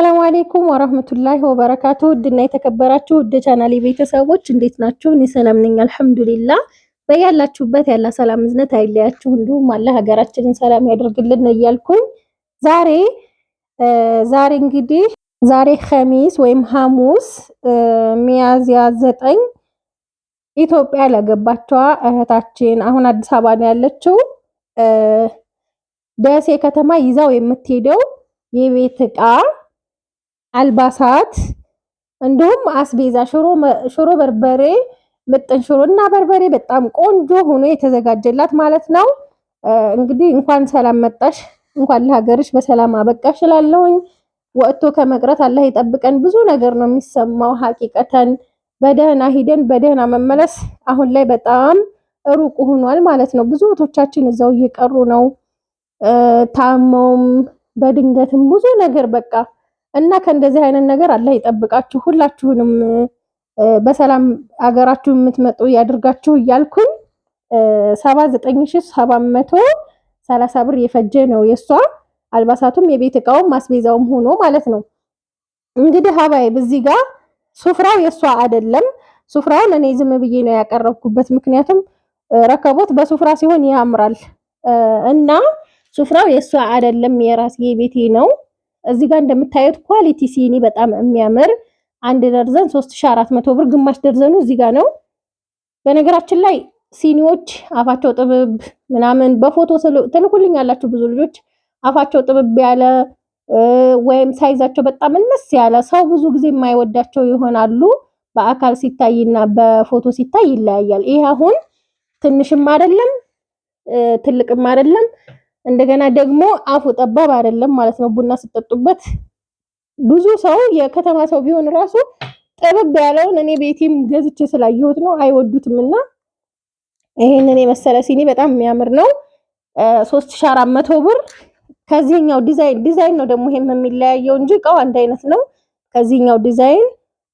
አሰላሙ አሌይኩም ወረህመቱላሂ ወበረካቱ ውድና የተከበራችሁ ውድ ቻናል ቤተሰቦች እንዴት ናችሁ? እኔ ሰላም ነኝ አልሐምዱሊላ። በያላችሁበት ያለ ሰላም እዝነት አይለያችሁ፣ እንዲሁም አለ ሀገራችንን ሰላም ያደርግልን እያልኩኝ ዛሬ ዛሬ እንግዲህ ዛሬ ከሚስ ወይም ሐሙስ ሚያዝያ ዘጠኝ ኢትዮጵያ ለገባቸዋ እህታችን አሁን አዲስ አበባ ነው ያለችው ደሴ ከተማ ይዛው የምትሄደው የቤት እቃ። አልባሳት እንዲሁም አስቤዛ ሽሮ በርበሬ ምጥን ሽሮ እና በርበሬ በጣም ቆንጆ ሆኖ የተዘጋጀላት ማለት ነው። እንግዲህ እንኳን ሰላም መጣሽ፣ እንኳን ለሀገርሽ በሰላም አበቃሽ እላለሁኝ። ወጥቶ ከመቅረት አላህ ይጠብቀን። ብዙ ነገር ነው የሚሰማው ሀቂቀተን። በደህና ሂደን በደህና መመለስ አሁን ላይ በጣም ሩቅ ሆኗል ማለት ነው። ብዙ እህቶቻችን እዛው እየቀሩ ነው። ታመውም በድንገትም ብዙ ነገር በቃ እና ከእንደዚህ አይነት ነገር አላህ ይጠብቃችሁ ሁላችሁንም በሰላም አገራችሁ የምትመጡ ያድርጋችሁ እያልኩኝ ሰባ ዘጠኝ ሺ ሰባት መቶ ሰላሳ ብር የፈጀ ነው የእሷ አልባሳቱም የቤት እቃውም ማስቤዛውም ሆኖ ማለት ነው። እንግዲህ ሀባይ በዚህ ጋር ሱፍራው የእሷ አይደለም። ሱፍራውን እኔ ዝም ብዬ ነው ያቀረብኩበት፣ ምክንያቱም ረከቦት በሱፍራ ሲሆን ያምራል እና ሱፍራው የእሷ አይደለም፣ የራስ ቤቴ ነው። እዚህ ጋር እንደምታዩት ኳሊቲ ሲኒ በጣም የሚያምር አንድ ደርዘን 3400 ብር፣ ግማሽ ደርዘኑ እዚህ ጋር ነው። በነገራችን ላይ ሲኒዎች አፋቸው ጥብብ ምናምን በፎቶ ትልኩልኝ ያላችሁ ብዙ ልጆች አፋቸው ጥብብ ያለ ወይም ሳይዛቸው በጣም እነስ ያለ ሰው ብዙ ጊዜ የማይወዳቸው ይሆናሉ። በአካል ሲታይና በፎቶ ሲታይ ይለያያል። ይሄ አሁን ትንሽም አይደለም ትልቅም አይደለም እንደገና ደግሞ አፉ ጠባብ አይደለም ማለት ነው። ቡና ስጠጡበት ብዙ ሰው የከተማ ሰው ቢሆን ራሱ ጠበብ ያለውን እኔ ቤቴም ገዝቼ ስላየሁት ነው አይወዱትም። እና ይሄንን የመሰለ ሲኒ በጣም የሚያምር ነው 3400 ብር። ከዚህኛው ዲዛይን ዲዛይን ነው ደግሞ ይሄም የሚለያየው እንጂ እቃው አንድ አይነት ነው። ከዚህኛው ዲዛይን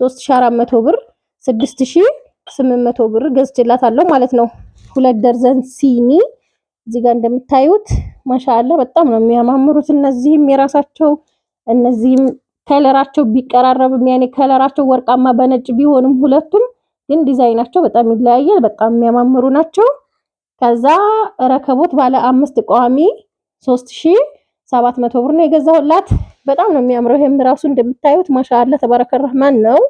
3400 ብር 6800 ብር ገዝቼላታለሁ ማለት ነው። ሁለት ደርዘን ሲኒ እዚህ ጋር እንደምታዩት ማሻአላ በጣም ነው የሚያማምሩት። እነዚህም የራሳቸው እነዚህም ከለራቸው ቢቀራረብም ያኔ ከለራቸው ወርቃማ በነጭ ቢሆንም ሁለቱም ግን ዲዛይናቸው በጣም ይለያያል። በጣም የሚያማምሩ ናቸው። ከዛ ረከቦት ባለ አምስት ቋሚ ሶስት መቶ ብር ነው የገዛሁላት። በጣም ነው የሚያምረው። ይሄም ራሱ እንደምታዩት ማሻአላ ተባረከ ረህማን ነው።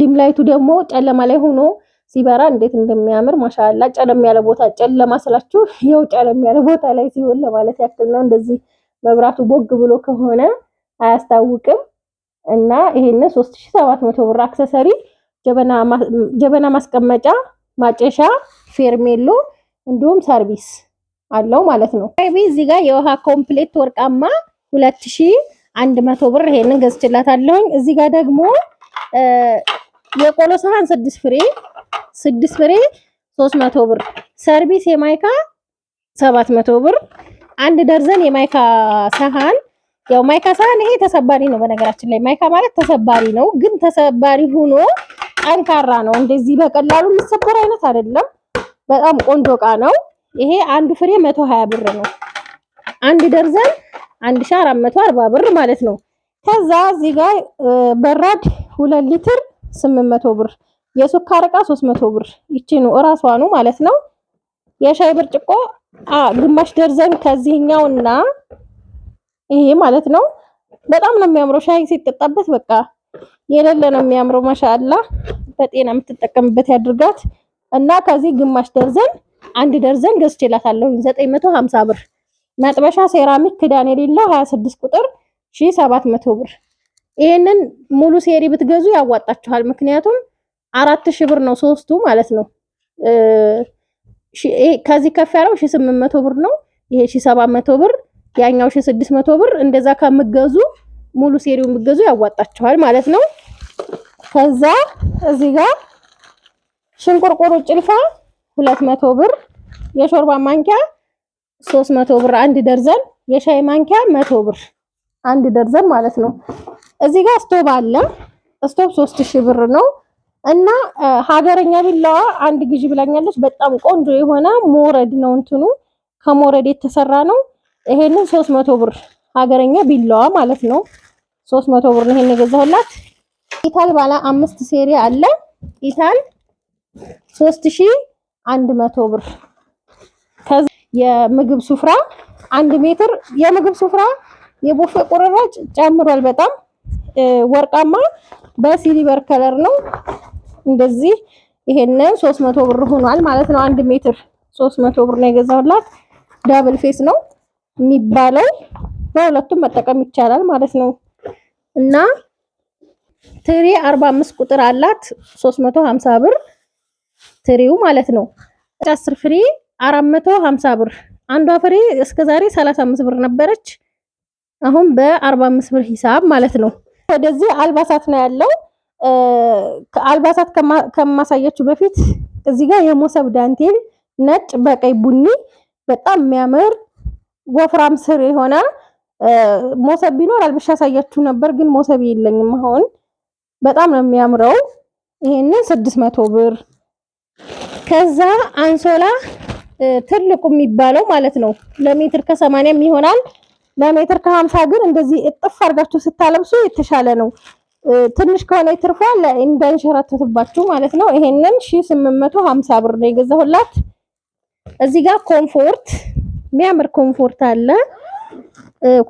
ዲም ላይቱ ደግሞ ጨለማ ላይ ሆኖ ሲበራ እንዴት እንደሚያምር ማሻላ። ጨለም ያለ ቦታ ጨለማ ስላችሁ ይኸው ጨለም ያለ ቦታ ላይ ሲሆን ለማለት ያክል ነው። እንደዚህ መብራቱ ቦግ ብሎ ከሆነ አያስታውቅም። እና ይሄንን 3700 ብር አክሰሰሪ፣ ጀበና ማስቀመጫ፣ ማጨሻ፣ ፌርሜሎ እንዲሁም ሰርቪስ አለው ማለት ነው። እዚህ ጋር የውሃ ኮምፕሌት ወርቃማ 2100 ብር ይሄንን ገዝችላታለሁኝ። እዚህ ጋር ደግሞ የቆሎ ሰሃን ስድስት ፍሬ ስድስት ፍሬ 300 ብር፣ ሰርቪስ የማይካ 700 ብር፣ አንድ ደርዘን የማይካ ሰሃን። ያው ማይካ ሰሃን ይሄ ተሰባሪ ነው። በነገራችን ላይ ማይካ ማለት ተሰባሪ ነው፣ ግን ተሰባሪ ሆኖ ጠንካራ ነው። እንደዚህ በቀላሉ የሚሰበር አይነት አይደለም። በጣም ቆንጆ እቃ ነው። ይሄ አንዱ ፍሬ 120 ብር ነው። አንድ ደርዘን 1440 ብር ማለት ነው። ከዛ እዚህ ጋር በራድ 2 ሊትር 800 ብር የሱካር እቃ 300 ብር ይቺኑ እራሷኑ ማለት ነው። የሻይ ብርጭቆ ግማሽ ደርዘን ከዚህኛውና ይሄ ማለት ነው። በጣም ነው የሚያምረው። ሻይ ሲጠጣበት በቃ የሌለ ነው የሚያምረው። ማሻአላ በጤና የምትጠቀምበት ያድርጋት እና ከዚህ ግማሽ ደርዘን አንድ ደርዘን ገዝቼላታለሁ 950 ብር። መጥበሻ ሴራሚክ ክዳን የሌለው 26 ቁጥር 1700 ብር። ይሄንን ሙሉ ሴሪ ብትገዙ ያዋጣችኋል። ምክንያቱም አራት ሺህ ብር ነው ሶስቱ ማለት ነው። ከዚህ ከፍ ያለው ሺህ ስምንት መቶ ብር ነው። ይሄ ሺህ ሰባት መቶ ብር፣ ያኛው ሺህ ስድስት መቶ ብር። እንደዛ ከምገዙ ሙሉ ሴሪውን ብገዙ ያዋጣችኋል ማለት ነው። ከዛ እዚህ ጋር ሽንቁርቁሩ ጭልፋ ሁለት መቶ ብር፣ የሾርባ ማንኪያ ሶስት መቶ ብር አንድ ደርዘን፣ የሻይ ማንኪያ መቶ ብር አንድ ደርዘን ማለት ነው። እዚህ ጋር ስቶቭ አለ። ስቶቭ ሶስት ሺህ ብር ነው። እና ሀገረኛ ቢላዋ አንድ ግዢ ብላኛለች። በጣም ቆንጆ የሆነ ሞረድ ነው እንትኑ ከሞረድ የተሰራ ነው። ይሄንን ሶስት መቶ ብር ሀገረኛ ቢላዋ ማለት ነው። ሶስት መቶ ብር ነው ይሄን የገዛሁላት። ኢታል ባለ አምስት ሴሪ አለ። ኢታል ሶስት ሺ አንድ መቶ ብር የምግብ ሱፍራ አንድ ሜትር የምግብ ሱፍራ የቡፌ ቁርራጭ ጨምሯል በጣም ወርቃማ በሲልቨር ከለር ነው። እንደዚህ ይሄንን 300 ብር ሆኗል ማለት ነው። አንድ ሜትር 300 ብር ነው የገዛሁላት። ዳብል ፌስ ነው የሚባለው። በሁለቱም መጠቀም ይቻላል ማለት ነው እና ትሪ 45 ቁጥር አላት 350 ብር ትሪው ማለት ነው። 10 ፍሪ 450 ብር። አንዷ ፍሬ እስከዛሬ 35 ብር ነበረች። አሁን በ45 ብር ሂሳብ ማለት ነው። ወደዚህ አልባሳት ነው ያለው። አልባሳት ከማሳያችሁ በፊት እዚህ ጋር የሞሰብ ዳንቴል ነጭ በቀይ ቡኒ በጣም የሚያምር ወፍራም ስር የሆነ ሞሰብ ቢኖር አልብሻ ያሳያችሁ ነበር፣ ግን ሞሰብ የለኝም አሁን። በጣም ነው የሚያምረው። ይሄንን ስድስት መቶ ብር። ከዛ አንሶላ ትልቁ የሚባለው ማለት ነው ለሜትር ከሰማንያም ይሆናል ለሜትር ከሀምሳ ግን እንደዚህ እጥፍ አድርጋችሁ ስታለብሱ የተሻለ ነው። ትንሽ ከሆነ ትርፏ እንዳይንሸራተትባችሁ ማለት ነው። ይሄንን 1850 ብር ነው የገዛሁላት። እዚህ ጋር ኮምፎርት የሚያምር ኮምፎርት አለ።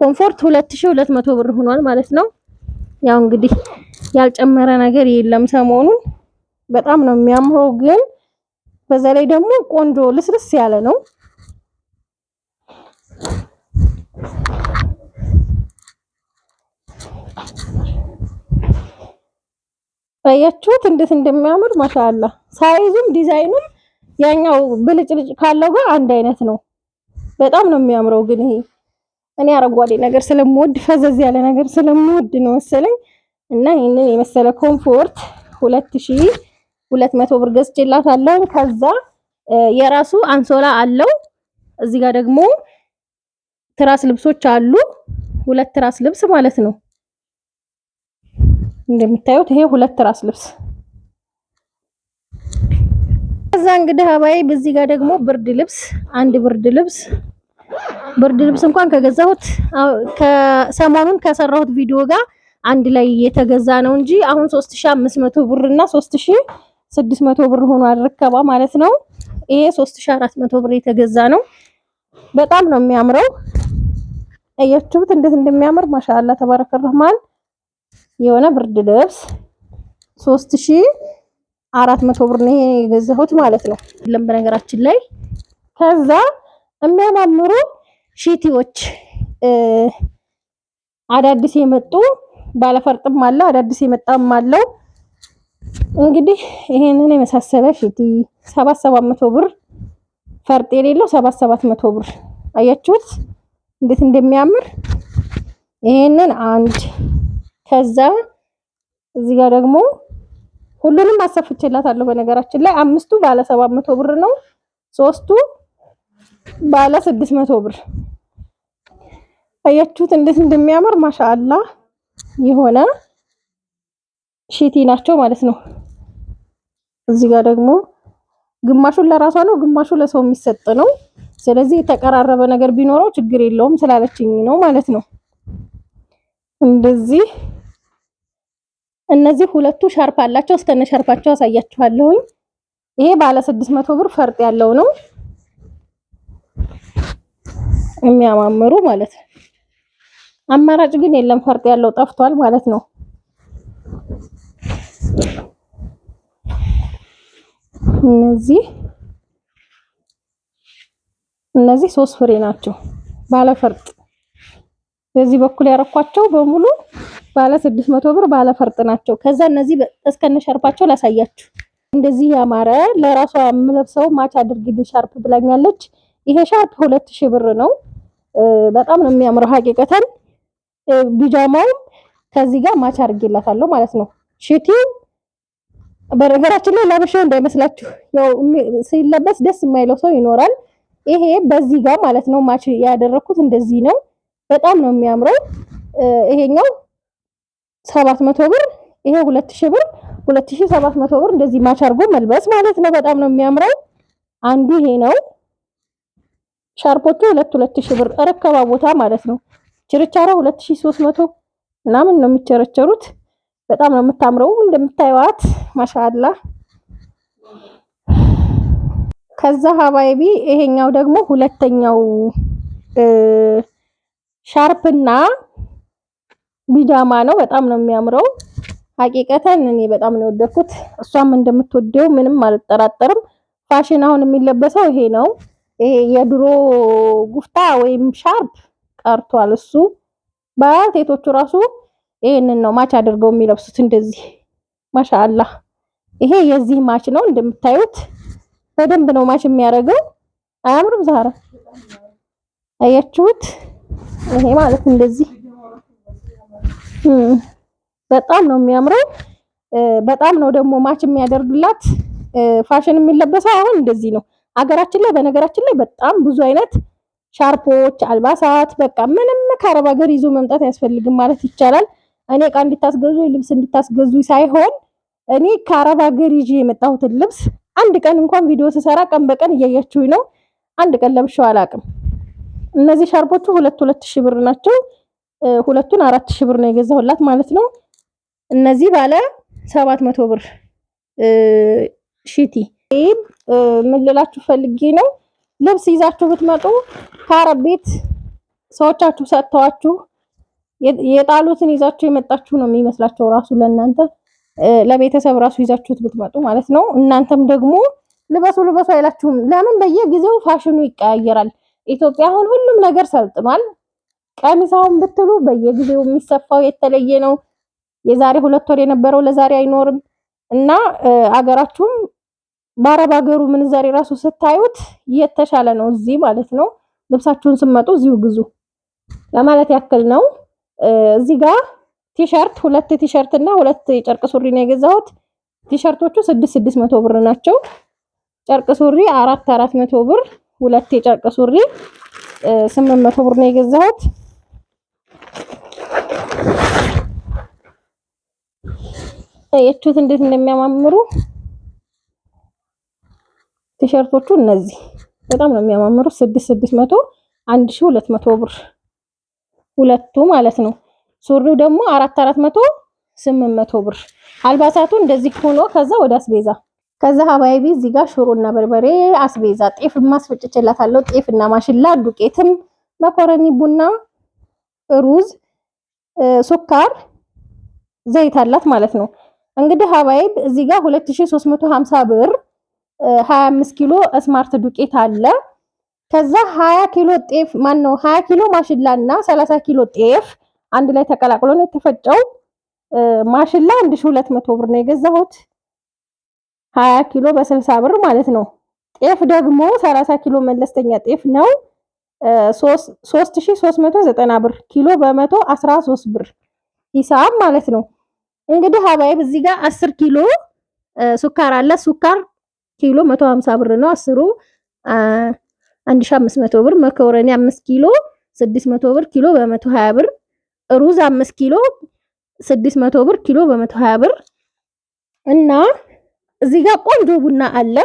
ኮምፎርት 2200 ብር ሆኗል ማለት ነው። ያው እንግዲህ ያልጨመረ ነገር የለም ሰሞኑን። በጣም ነው የሚያምረው ግን በዛ ላይ ደግሞ ቆንጆ ልስልስ ያለ ነው። አያችሁት እንዴት እንደሚያምር ማሻአላ። ሳይዙም ዲዛይኑም ያኛው ብልጭልጭ ካለው ጋር አንድ አይነት ነው። በጣም ነው የሚያምረው። ግን ይሄ እኔ አረንጓዴ ነገር ስለምወድ ፈዘዝ ያለ ነገር ስለምወድ ነው መሰለኝ እና ይህንን የመሰለ ኮምፎርት ሁለት ሺህ ብር ገዝቼላታለሁ። ከዛ የራሱ አንሶላ አለው። እዚህ ጋር ደግሞ ትራስ ልብሶች አሉ። ሁለት ትራስ ልብስ ማለት ነው። እንደምታዩት ይሄ ሁለት ራስ ልብስ ከዛ እንግዲህ አባይ በዚህ ጋር ደግሞ ብርድ ልብስ አንድ ብርድ ልብስ ብርድ ልብስ እንኳን ከገዛሁት ከሰሞኑን ከሰራሁት ቪዲዮ ጋር አንድ ላይ የተገዛ ነው እንጂ አሁን 3500 ብርና 3600 ብር ሆኖ አረከባ ማለት ነው። ይሄ 3400 ብር የተገዛ ነው። በጣም ነው የሚያምረው። አያችሁት እንዴት እንደሚያምር ማሻአላ ተባረከ ረህማን የሆነ ብርድ ልብስ 3400 ብር ነው የገዛሁት ማለት ነው። ለም በነገራችን ላይ ከዛ የሚያማምሩ ሽቲዎች አዳዲስ የመጡ ባለፈርጥም አለ አዳዲስ የመጣም አለው። እንግዲህ ይሄንን የመሳሰለ ሽቲ 7700 ብር ፈርጥ የሌለው 7700 ብር አያችሁት እንዴት እንደሚያምር ይሄንን አንድ ከዛ እዚህ ጋር ደግሞ ሁሉንም አሰፍቼላታለሁ። በነገራችን ላይ አምስቱ ባለ ሰባት መቶ ብር ነው። ሶስቱ ባለ ስድስት መቶ ብር አያችሁት እንዴት እንደሚያምር ማሻአላ የሆነ ሺቲ ናቸው ማለት ነው። እዚህ ጋር ደግሞ ግማሹን ለራሷ ነው፣ ግማሹ ለሰው የሚሰጥ ነው። ስለዚህ የተቀራረበ ነገር ቢኖረው ችግር የለውም ስላለችኝ ነው ማለት ነው እንደዚህ እነዚህ ሁለቱ ሻርፕ አላቸው። እስከነ ሻርፓቸው አሳያችኋለሁ። ይሄ ባለ 600 መቶ ብር ፈርጥ ያለው ነው የሚያማምሩ ማለት ነው። አማራጭ ግን የለም ፈርጥ ያለው ጠፍቷል ማለት ነው። እነዚህ እነዚህ ሶስት ፍሬ ናቸው ባለ ፈርጥ። በዚህ በኩል ያረኳቸው በሙሉ ባለ ስድስት መቶ ብር ባለ ፈርጥ ናቸው። ከዛ እነዚህ እስከነ ሻርፓቸው ላሳያችሁ። እንደዚህ ያማረ ለራሷ የምለብሰው ማች አድርግልኝ ሻርፕ ብላኛለች። ይሄ ሻርፕ ሁለት ሺህ ብር ነው። በጣም ነው የሚያምረው ሀቂቀተን። ቢጃማውም ከዚህ ጋር ማች አድርጌላታለሁ ማለት ነው። ሽቲው በነገራችን ላይ ላበሻው እንዳይመስላችሁ፣ ያው ሲለበስ ደስ የማይለው ሰው ይኖራል። ይሄ በዚህ ጋር ማለት ነው ማች ያደረኩት እንደዚህ ነው። በጣም ነው የሚያምረው ይሄኛው ሰባት መቶ ብር ይሄ ሁለት ሺህ ብር ሁለት ሺህ ሰባት መቶ ብር እንደዚህ ማች አድርጎ መልበስ ማለት ነው። በጣም ነው የሚያምረው። አንዱ ይሄ ነው። ሻርፖቹ ሁለት ሁለት ሺህ ብር ረከባ ቦታ ማለት ነው። ችርቻራ ሁለት ሺህ ሶስት መቶ ምናምን ነው የሚቸረቸሩት። በጣም ነው የምታምረው እንደምታየዋት ማሻአላ። ከዛ ሀባይቢ ይሄኛው ደግሞ ሁለተኛው ሻርፕና ቢጃማ ነው። በጣም ነው የሚያምረው። ሀቂቀተን እኔ በጣም ነው የወደድኩት። እሷም እንደምትወደው ምንም አልጠራጠርም። ፋሽን አሁን የሚለበሰው ይሄ ነው። ይሄ የድሮ ጉፍታ ወይም ሻርፕ ቀርቷል። እሱ ባልቴቶቹ ራሱ ይሄንን ነው ማች አድርገው የሚለብሱት እንደዚህ። ማሻአላ ይሄ የዚህ ማች ነው እንደምታዩት፣ በደንብ ነው ማች የሚያደርገው። አያምርም? ዛራ አያችሁት? ይሄ ማለት እንደዚህ በጣም ነው የሚያምረው። በጣም ነው ደግሞ ማች የሚያደርግላት። ፋሽን የሚለበሰው አሁን እንደዚህ ነው አገራችን ላይ። በነገራችን ላይ በጣም ብዙ አይነት ሻርፖች፣ አልባሳት በቃ ምንም ከአረብ ሀገር ይዞ መምጣት አያስፈልግም ማለት ይቻላል። እኔ እቃ እንድታስገዙ ልብስ እንዲታስገዙ ሳይሆን እኔ ከአረብ ሀገር ይዤ የመጣሁትን ልብስ አንድ ቀን እንኳን ቪዲዮ ስሰራ ቀን በቀን እያያችሁኝ ነው። አንድ ቀን ለብሼው አላውቅም። እነዚህ ሻርፖቹ ሁለት ሁለት ሺህ ብር ናቸው። ሁለቱን አራት ሺህ ብር ነው የገዛሁላት ማለት ነው። እነዚህ ባለ ሰባት መቶ ብር ሽቲ ምን ልላችሁ ፈልጌ ነው፣ ልብስ ይዛችሁ ብትመጡ ከአረብ ቤት ሰዎቻችሁ ሰጥተዋችሁ የጣሉትን ይዛችሁ የመጣችሁ ነው የሚመስላቸው ራሱ ለእናንተ ለቤተሰብ ራሱ ይዛችሁት ብትመጡ ማለት ነው። እናንተም ደግሞ ልበሱ ልበሱ አይላችሁም። ለምን በየጊዜው ፋሽኑ ይቀያየራል። ኢትዮጵያ አሁን ሁሉም ነገር ሰልጥኗል። ቀሚሳውን ብትሉ በየጊዜው የሚሰፋው የተለየ ነው። የዛሬ ሁለት ወር የነበረው ለዛሬ አይኖርም እና አገራችሁም በአረብ ሀገሩ ምንዛሬ ራሱ ስታዩት የተሻለ ነው እዚህ ማለት ነው። ልብሳችሁን ስመጡ እዚሁ ግዙ ለማለት ያክል ነው። እዚህ ጋር ቲሸርት ሁለት ቲሸርት እና ሁለት የጨርቅ ሱሪ ነው የገዛሁት። ቲሸርቶቹ ስድስት ስድስት መቶ ብር ናቸው። ጨርቅ ሱሪ አራት አራት መቶ ብር ሁለት የጨርቅ ሱሪ ስምንት መቶ ብር ነው የገዛሁት። አያችሁት እንዴት እንደሚያማምሩ ቲሸርቶቹ። እነዚህ በጣም ነው የሚያማምሩ። ስድስት ስድስት መቶ አንድ ሺ ሁለት መቶ ብር ሁለቱ ማለት ነው። ሱሪው ደግሞ አራት አራት መቶ ስምንት መቶ ብር። አልባሳቱ እንደዚህ ሆኖ ከዛ ወደ አስቤዛ ከዛ ሀባይቢ እዚህ ጋር እና በርበሬ አስቤዛ ጤፍ ጤፍ ጤፍና ማሽላ፣ ዱቄትም፣ መኮረኒ፣ ቡና፣ ሩዝ፣ ሱካር፣ ዘይት አላት ማለት ነው። እንግዲህ ሀባይብ እዚህ ጋር 2350 ብር 25 ኪሎ ስማርት ዱቄት አለ። ከዛ 20 ኪሎ ጤፍ ማን ነው 20 ኪሎ ማሽላና 30 ኪሎ ጤፍ አንድ ላይ ተቀላቅሎ ነው የተፈጨው። ማሽላ 1200 ብር ነው የገዛሁት 20 ኪሎ በ60 ብር ማለት ነው። ጤፍ ደግሞ 30 ኪሎ መለስተኛ ጤፍ ነው 3390 ብር ኪሎ በ113 ብር ሂሳብ ማለት ነው። እንግዲህ ሀባይብ እዚህ ጋር 10 ኪሎ ሱካር አለ። ሱካር ኪሎ 150 ብር ነው። አስሩ 1500 ብር። መኮረኒ 5 ኪሎ 600 ብር ኪሎ በ120 ብር። ሩዝ 5 ኪሎ 600 ብር ኪሎ በ120 ብር እና እዚህ ጋር ቆንጆ ቡና አለ።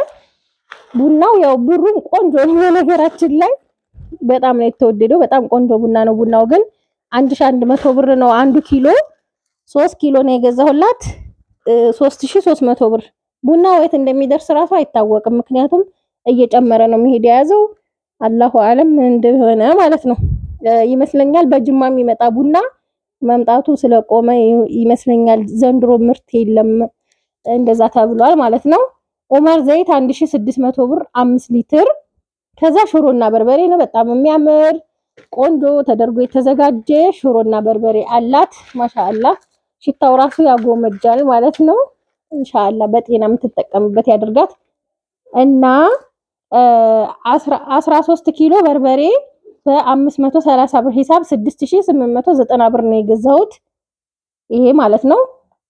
ቡናው ያው ብሩም ቆንጆ ነው። ነገራችን ላይ በጣም ነው የተወደደው። በጣም ቆንጆ ቡና ነው። ቡናው ግን 1100 ብር ነው አንዱ ኪሎ ሶስት ኪሎ ነው የገዛሁላት ሶስት ሺ ሶስት መቶ ብር። ቡና ወይት እንደሚደርስ ራሱ አይታወቅም፣ ምክንያቱም እየጨመረ ነው መሄድ የያዘው አላሁ አለም እንደሆነ ማለት ነው ይመስለኛል። በጅማ የሚመጣ ቡና መምጣቱ ስለቆመ ይመስለኛል ዘንድሮ ምርት የለም እንደዛ ተብሏል ማለት ነው። ኦማር ዘይት 1600 ብር 5 ሊትር። ከዛ ሽሮና በርበሬ ነው። በጣም የሚያምር ቆንጆ ተደርጎ የተዘጋጀ ሽሮና በርበሬ አላት። ማሻአላህ ሽታው ራሱ ያጎመጃል ማለት ነው። እንሻላ በጤና የምትጠቀምበት ያደርጋት እና አስራ ኪሎ በርበሬ በ530 ብር ሂሳብ 6890 ብር ነው የገዛሁት። ይሄ ማለት ነው።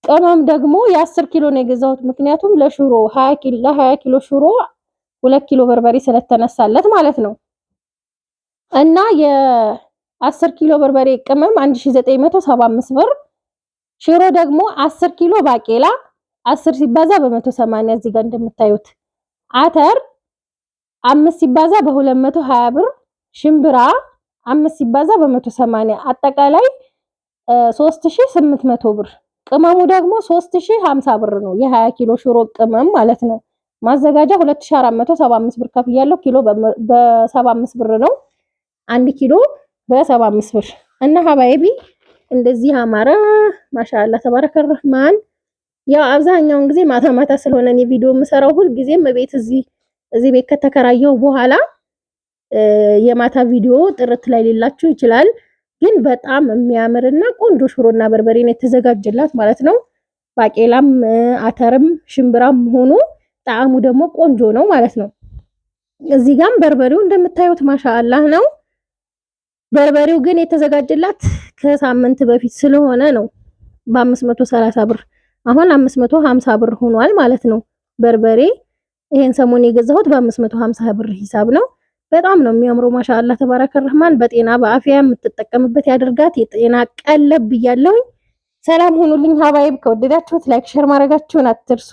ቅመም ደግሞ የ10 ኪሎ ነው የገዛሁት። ምክንያቱም ለሽሮ 20 ኪሎ 20 ኪሎ ሽሮ 2 ኪሎ በርበሬ ስለተነሳለት ማለት ነው። እና የ10 ኪሎ በርበሬ ቅመም 1975 ብር ሽሮ ደግሞ አስር ኪሎ ባቄላ አስር ሲባዛ በመቶ ሰማንያ እዚህ ጋር እንደምታዩት አተር አምስት ሲባዛ በሁለት መቶ ሀያ ብር ሽምብራ አምስት ሲባዛ በመቶ ሰማንያ አጠቃላይ ሶስት ሺ ስምንት መቶ ብር ቅመሙ ደግሞ ሶስት ሺ ሀምሳ ብር ነው። የሀያ ኪሎ ሽሮ ቅመም ማለት ነው። ማዘጋጃ ሁለት ሺ አራት መቶ ሰባ አምስት ብር ከፍ ያለው ኪሎ በሰባ አምስት ብር ነው። አንድ ኪሎ በሰባ አምስት ብር እና ሀባይቢ እንደዚህ አማረ። ማሻአላ ተባረከ ረህማን። ያው አብዛኛውን ጊዜ ማታ ማታ ስለሆነ እኔ ቪዲዮ የምሰራው ሁልጊዜም ቤት እዚህ እዚህ ቤት ከተከራየው በኋላ የማታ ቪዲዮ ጥርት ላይ ሌላችሁ ይችላል። ግን በጣም የሚያምርና ቆንጆ ሽሮና በርበሬ የተዘጋጀላት ማለት ነው። ባቄላም አተርም ሽምብራም ሆኖ ጣዕሙ ደግሞ ቆንጆ ነው ማለት ነው። እዚህ ጋም በርበሬው እንደምታዩት ማሻአላህ ነው። በርበሬው ግን የተዘጋጀላት ከሳምንት በፊት ስለሆነ ነው በ530 ብር። አሁን 550 ብር ሆኗል ማለት ነው በርበሬ። ይሄን ሰሞን የገዛሁት በ550 ብር ሂሳብ ነው። በጣም ነው የሚያምረው። ማሻአላ ተባረከ ረህማን። በጤና በአፍያ የምትጠቀምበት ያደርጋት። የጤና ቀለብ ብያለሁኝ። ሰላም ሁኑልኝ ሀባይብ። ከወደዳችሁት ላይክ ሼር ማድረጋችሁን አትርሱ።